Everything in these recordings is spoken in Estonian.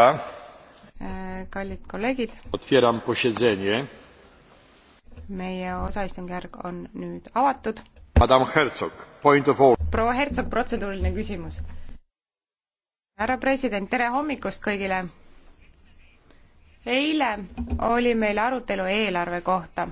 Äh, kallid kolleegid meie osaistungjärk on nüüd avatud proua herczog protseduuriline küsimus härra president tere hommikust kõigile eile oli meil arutelu eelarve kohta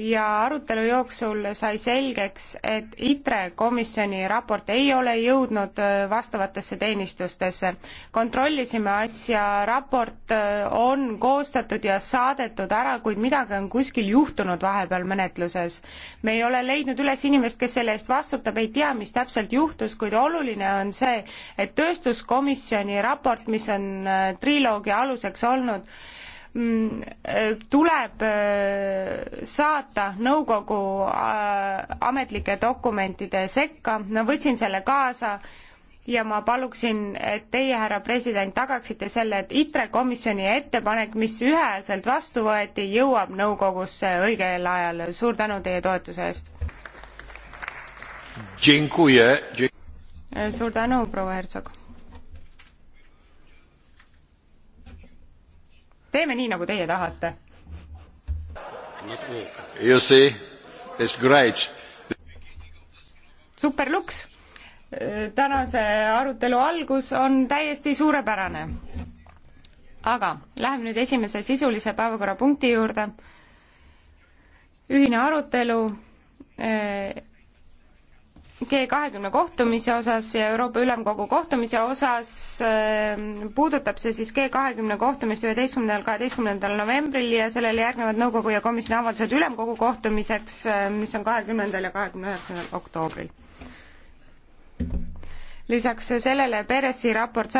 ja arutelu jooksul sai selgeks, et ITRE komisjoni raport ei ole jõudnud äh, vastavatesse teenistustesse. kontrollisime asja, raport äh, on koostatud ja saadetud ära, kuid midagi on kuskil juhtunud vahepeal menetluses. me ei ole leidnud üles inimest, kes selle eest vastutab, ei tea, mis täpselt juhtus, kuid oluline on see, et tööstuskomisjoni raport, mis on äh, triloogia aluseks olnud, Mm, tuleb äh, saata nõukogu äh, ametlike dokumentide sekka, no võtsin selle kaasa ja ma paluksin, et teie, härra president, tagaksite selle, et ITRE komisjoni ettepanek, mis ühehäälselt vastu võeti, jõuab nõukogusse õigel ajal. suur tänu teie toetuse eest! suur tänu, proua Herzog! teeme nii, nagu teie tahate. You see, it's great. superluks. tänase arutelu algus on täiesti suurepärane. aga läheme nüüd esimese sisulise päevakorrapunkti juurde. ühine arutelu eh, G kahekümne kohtumise osas ja Euroopa Ülemkogu kohtumise osas ähm, puudutab see siis G kahekümne kohtumist üheteistkümnendal, kaheteistkümnendal novembril ja sellele järgnevad nõukogu ja komisjoni avaldused ülemkogu kohtumiseks, ähm, mis on kahekümnendal ja kahekümne üheksandal oktoobril. lisaks sellele Peresi raport